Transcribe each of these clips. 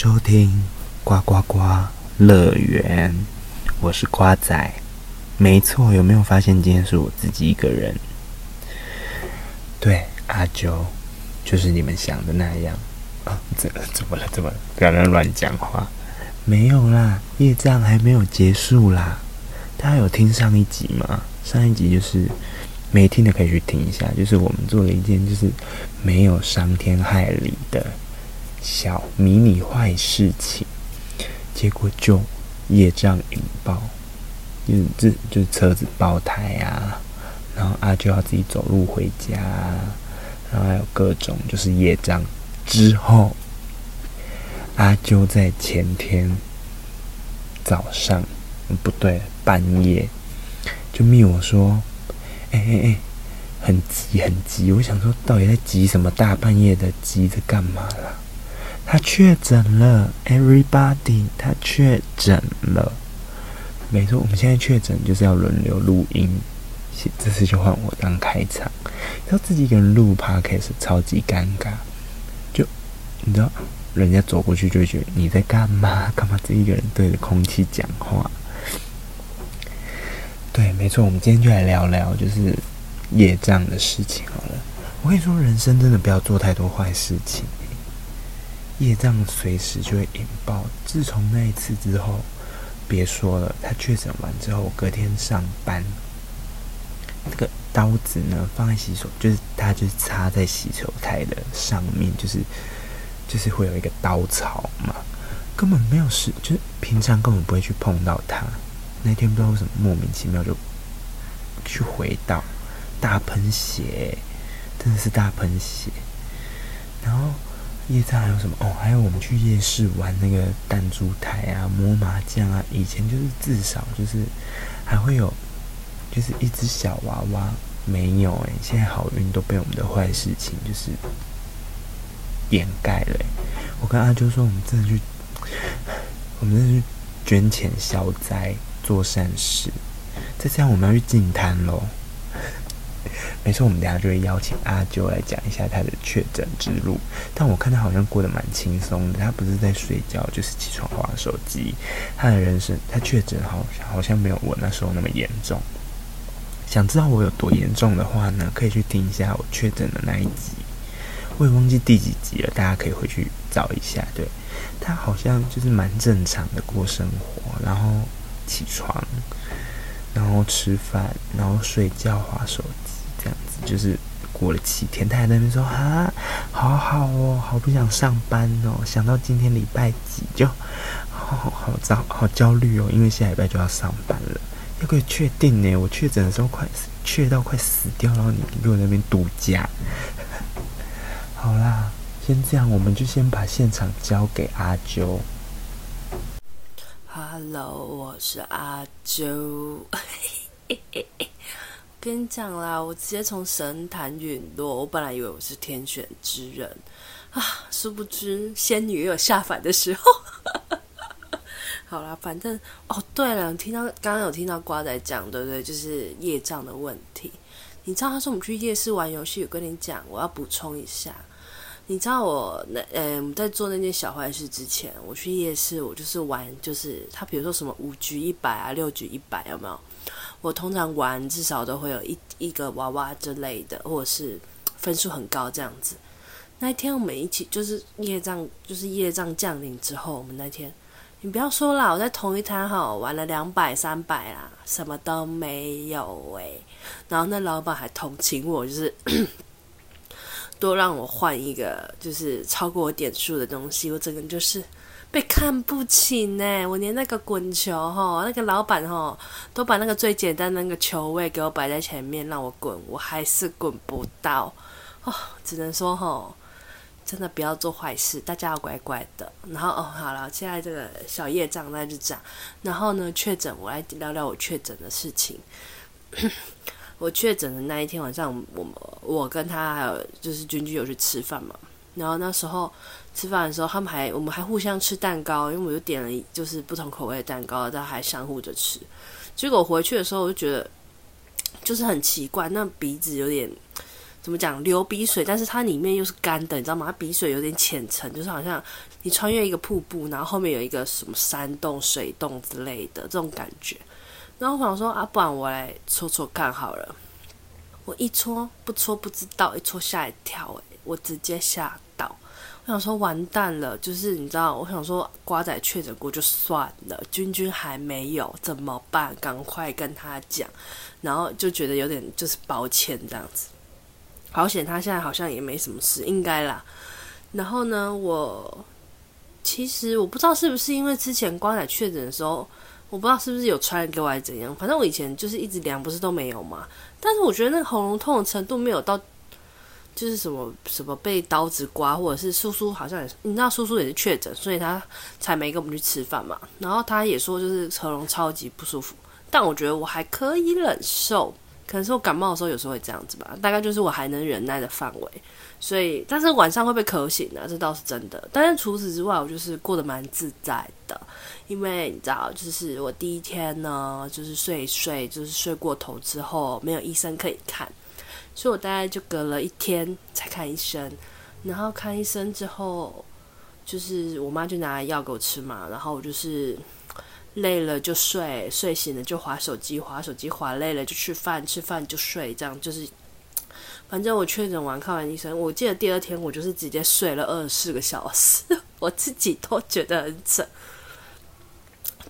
收聽呱呱呱樂園，我是呱仔。沒錯，有沒有發現今天是我自己一個人？對，阿九，就是你們想的那樣。啊，怎麼了？怎麼了？不要亂講話。沒有啦，業障還沒有結束啦。大家有聽上一集嗎？上一集就是沒聽的可以去聽一下，就是我們做了一件就是沒有傷天害理的。小迷你壞事情，結果就業障引爆，就是就是車子爆胎啊，然後阿啾要自己走路回家，然後還有各種就是業障之後，阿啾在前天早上不對半夜就密我說，哎哎哎，很急很急，我想說到底在急什麼？大半夜的急着幹嘛啦？他確診了，everybody，他確診了。沒錯，我們現在確診就是要輪流錄音，這次就換我當開場。然後自己一個人錄 podcast 超級尷尬，就你知道，人家走過去就會覺得你在幹嘛？幹嘛自己一個人對着空氣講話？對，沒錯，我們今天就來聊聊就是業障的事情好了。我跟你說，人生真的不要做太多壞事情。業障隨時就會引爆。自從那一次之後，別說了，他確診完之後隔天上班，那、這個刀子呢，放在洗手，就是他就是插在洗手台的上面，就是就是會有一個刀槽嘛，根本沒有事，就是平常根本不會去碰到它。那天不知道為什麼莫名其妙就去回到大噴血，真的是大噴血，然後。夜市還有什麼哦？還有我們去夜市玩那個彈珠台啊、摸麻將啊。以前就是至少就是還會有，就是一隻小娃娃沒有哎、欸。現在好運都被我們的壞事情就是掩蓋了、欸、我跟阿啾說，我們真的去，我們真的去捐錢消災做善事。再這樣，我們要去淨灘嘍。沒錯，我們等下就會邀請阿九來講一下他的確診之路。但我看他好像過得蠻輕鬆的，他不是在睡覺，就是起床滑手機。他的人生，他確診好像好像沒有我那時候那麼嚴重。想知道我有多嚴重的話呢，可以去聽一下我確診的那一集，我也忘記第幾集了，大家可以回去找一下。對，他好像就是蠻正常的過生活，然後起床，然後吃飯，然後睡覺，滑手機。這樣子就是過了七天，他還在那邊說：“哈，好好哦，好不想上班哦，想到今天禮拜幾就，哦、好糟好焦好焦慮哦，因為下禮拜就要上班了。要可以確定呢？我確診的時候快確到快死掉，然後你給我那邊度假。 好啦，先這樣，我們就先把現場交給阿啾。Hello，我是阿啾。 ”跟你講啦，我直接從神壇隕落。我本來以為我是天選之人啊，殊不知仙女也有下凡的時候。 好啦，反正哦，對了，聽到剛剛有聽到瓜仔講，對不對？就是業障的問題。你知道他說我們去夜市玩遊戲，有跟你講，我要補充一下。你知道我那誒，我們在做那件小壞事之前，我去夜市，我就是玩，就是他比如說什麼五局一百啊，六局一百，有沒有？我通常玩至少都會有一一個娃娃之類的，或者是分數很高這樣子。那一天我們一起就是業障，就是業障降臨之後，我們那天，你不要說啦，我在同一攤哈玩了兩百三百啦，什麼都沒有欸。然後那老板還同情我，就是 多讓我換一個，就是超過我點數的東西，我整個人就是。被看不起呢，我連那個滾球吼，那個老闆吼，都把那個最簡單的那個球位給我擺在前面讓我滾，我還是滾不到，哦，只能說吼，真的不要做壞事，大家要乖乖的。然後哦，好了，我現在這個小業障那就這樣。然後呢，確診，我來聊聊我確診的事情。 我確診的那一天晚上，我們我跟他還有就是君君有去吃飯嘛。然後那時候吃飯的時候，他們還我們還互相吃蛋糕，因為我就點了就是不同口味的蛋糕，然後還相互着吃。結果回去的時候我就覺得就是很奇怪，那鼻子有點怎麼講流鼻水，但是它裡面又是乾的，你知道嗎？它鼻水有點淺層，就是好像你穿越一個瀑布，然後後面有一個什麼山洞、水洞之類的這種感覺。然後我想說啊，不然我來搓搓看好了。我一搓不搓不知道，一搓嚇一跳誒，我直接嚇。我想說完蛋了，就是你知道，我想說瓜仔確診過就算了，君君還沒有怎麼辦？趕快跟他講，然後就覺得有點就是抱歉這樣子。好險他現在好像也沒什麼事，應該啦。然後呢，我其實我不知道是不是因為之前瓜仔確診的時候，我不知道是不是有傳染給我，還是怎樣。反正我以前就是一直量，不是都沒有嘛。但是我覺得那個喉嚨痛的程度沒有到。就是什麼什麼被刀子刮，或者是叔叔好像也是，你知道叔叔也是確診，所以他才沒跟我們去吃飯嘛。然後他也說，就是喉嚨超級不舒服，但我覺得我還可以忍受，可能是我感冒的時候有時候會這樣子吧，大概就是我還能忍耐的範圍。所以，但是晚上會被咳醒的啊，這倒是真的。但是除此之外，我就是過得蠻自在的，因為你知道，就是我第一天呢，就是睡一睡，就是睡過頭之後，沒有醫生可以看。所以我大概就隔了一天才看醫生，然後看醫生之後，就是我媽就拿來藥給我吃嘛，然後我就是累了就睡，睡醒了就滑手機，滑手機滑累了就吃飯，吃飯就睡，這樣就是，反正我確診完看完醫生，我記得第二天我就是直接睡了二十四個小時，我自己都覺得很扯。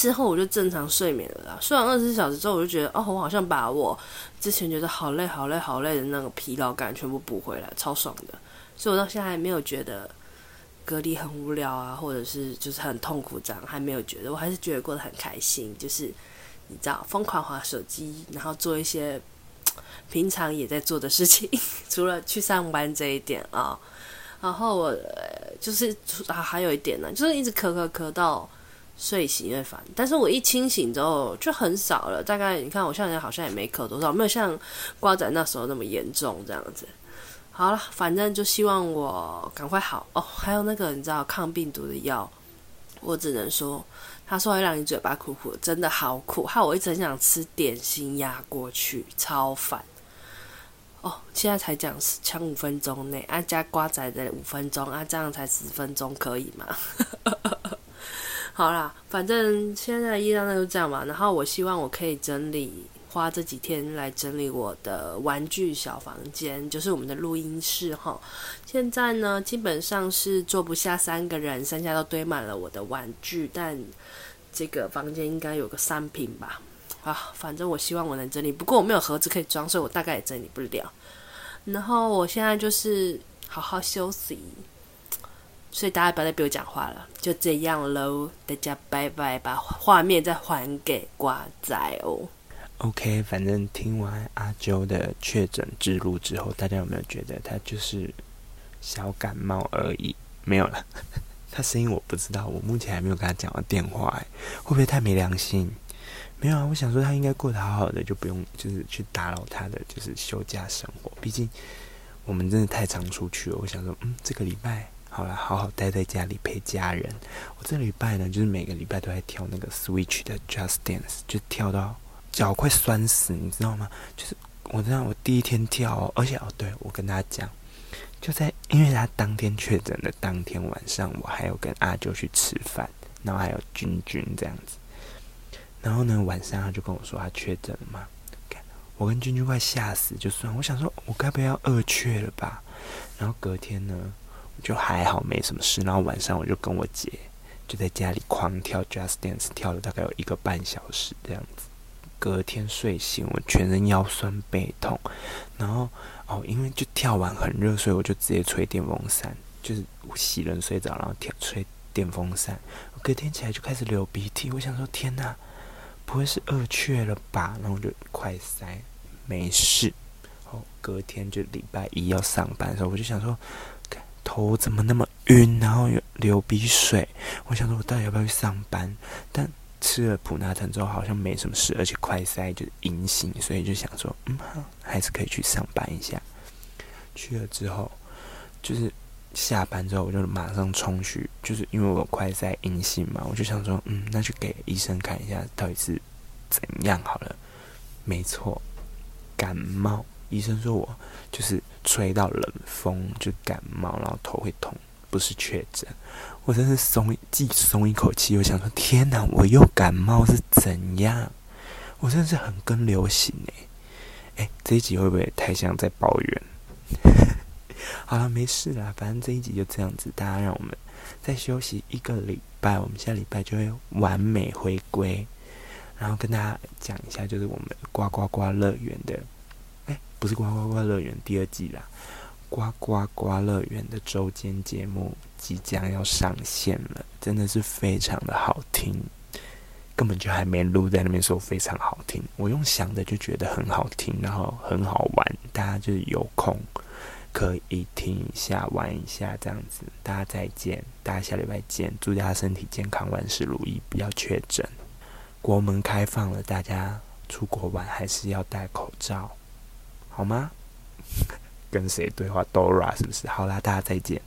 之後我就正常睡眠了啦，睡完二十四小時之後，我就覺得哦，我好像把我之前覺得好累、好累、好累的那個疲勞感全部補回來，超爽的。所以我到現在還沒有覺得隔離很無聊啊，或者是就是很痛苦這樣，還沒有覺得，我還是覺得過得很開心。就是你知道，瘋狂滑手機，然後做一些平常也在做的事情，除了去上班這一點啊。然後我就是、啊、還有一點呢、啊，就是一直咳咳咳到。睡醒會煩，但是我一清醒之後就很少了。大概你看我現在好像也沒咳多少，沒有像瓜仔那時候那麼嚴重這樣子。好了，反正就希望我趕快好哦。還有那個你知道抗病毒的藥，我只能說他說會讓你嘴巴苦苦，真的好苦。害我一直很想吃點心壓過去，超煩。哦，現在才講十，五分鐘內，啊加瓜仔的五分鐘，啊這樣才十分鐘可以嗎？ 好啦，反正現在一章那就這樣吧。然後我希望我可以整理，花這幾天來整理我的玩具小房間，就是我們的錄音室哈。現在呢，基本上是坐不下三個人，剩下都堆滿了我的玩具。但這個房間應該有個三坪吧。啊，反正我希望我能整理，不過我沒有盒子可以裝，所以我大概也整理不了。然後我現在就是好好休息。所以大家不要再逼我講話了，就這樣嘍，大家拜拜，把畫面再還給呱仔哦。OK，反正聽完阿嬌的確診之路之後，大家有沒有覺得他就是小感冒而已？沒有啦，他聲音我不知道，我目前還沒有跟他講到電話，欸，哎，會不會太沒良心？沒有啊，我想說他應該過得好好的，就不用就是去打擾他的就是休假生活，畢竟我們真的太常出去了喔。我想說，嗯，這個禮拜。好了，好好待在家裡陪家人。我這禮拜呢，就是每個禮拜都在跳那個 Switch 的 Just Dance，就跳到腳快酸死，你知道嗎？就是我知道我第一天跳哦，而且哦，對我跟他講，就在因為他當天確診的當天晚上，我還有跟阿九去吃飯，然後還有君君這樣子。然後呢，晚上他就跟我說他確診了嘛，OK, 我跟君君快嚇死，就算我想說，我該不要二確了吧？然後隔天呢？就還好，沒什麼事。然後晚上我就跟我姐就在家裡狂跳 Just Dance，跳了大概有一個半小時這樣子。隔天睡醒，我全身腰酸背痛，然後哦，因為就跳完很熱，所以我就直接吹電風扇，就是我洗冷水澡，然後跳吹電風扇。隔天起來就開始流鼻涕，我想說天哪，不會是惡缺了吧？然後就快塞，沒事。哦，隔天就禮拜一要上班的時候，我就想說。頭怎麼那麼暈，然後又流鼻水。我想說，我到底要不要去上班？但吃了普拿疼之後，好像沒什麼事，而且快篩就是陰性，所以就想說，嗯，好，還是可以去上班一下。去了之後，就是下班之後，我就馬上衝去，就是因為我快篩陰性嘛，我就想說，嗯，那就給醫生看一下到底是怎樣好了。沒錯，感冒。醫生說我就是。吹到冷風就感冒，然後頭會痛，不是確診。我真是鬆，既鬆一口氣，又想說天哪，我又感冒是怎樣？我真的是很跟流行哎，哎，這一集會不會太像在抱怨？ 好了，沒事啦，反正這一集就這樣子，大家讓我們再休息一個禮拜，我們下禮拜就會完美回歸，然後跟大家講一下，就是我們呱呱呱樂園的。不是《呱呱呱樂園》第二季啦，《呱呱呱樂園》的週間節目即將要上線了，真的是非常的好聽，根本就還沒錄在那邊說非常好聽。我用想的就覺得很好聽，然後很好玩，大家就是有空可以聽一下、玩一下這樣子。大家再見，大家下禮拜見。祝大家身體健康、萬事如意，不要確診。國門開放了，大家出國玩還是要戴口罩。好嗎？跟誰對話？Dora，是不是？好啦，大家再見。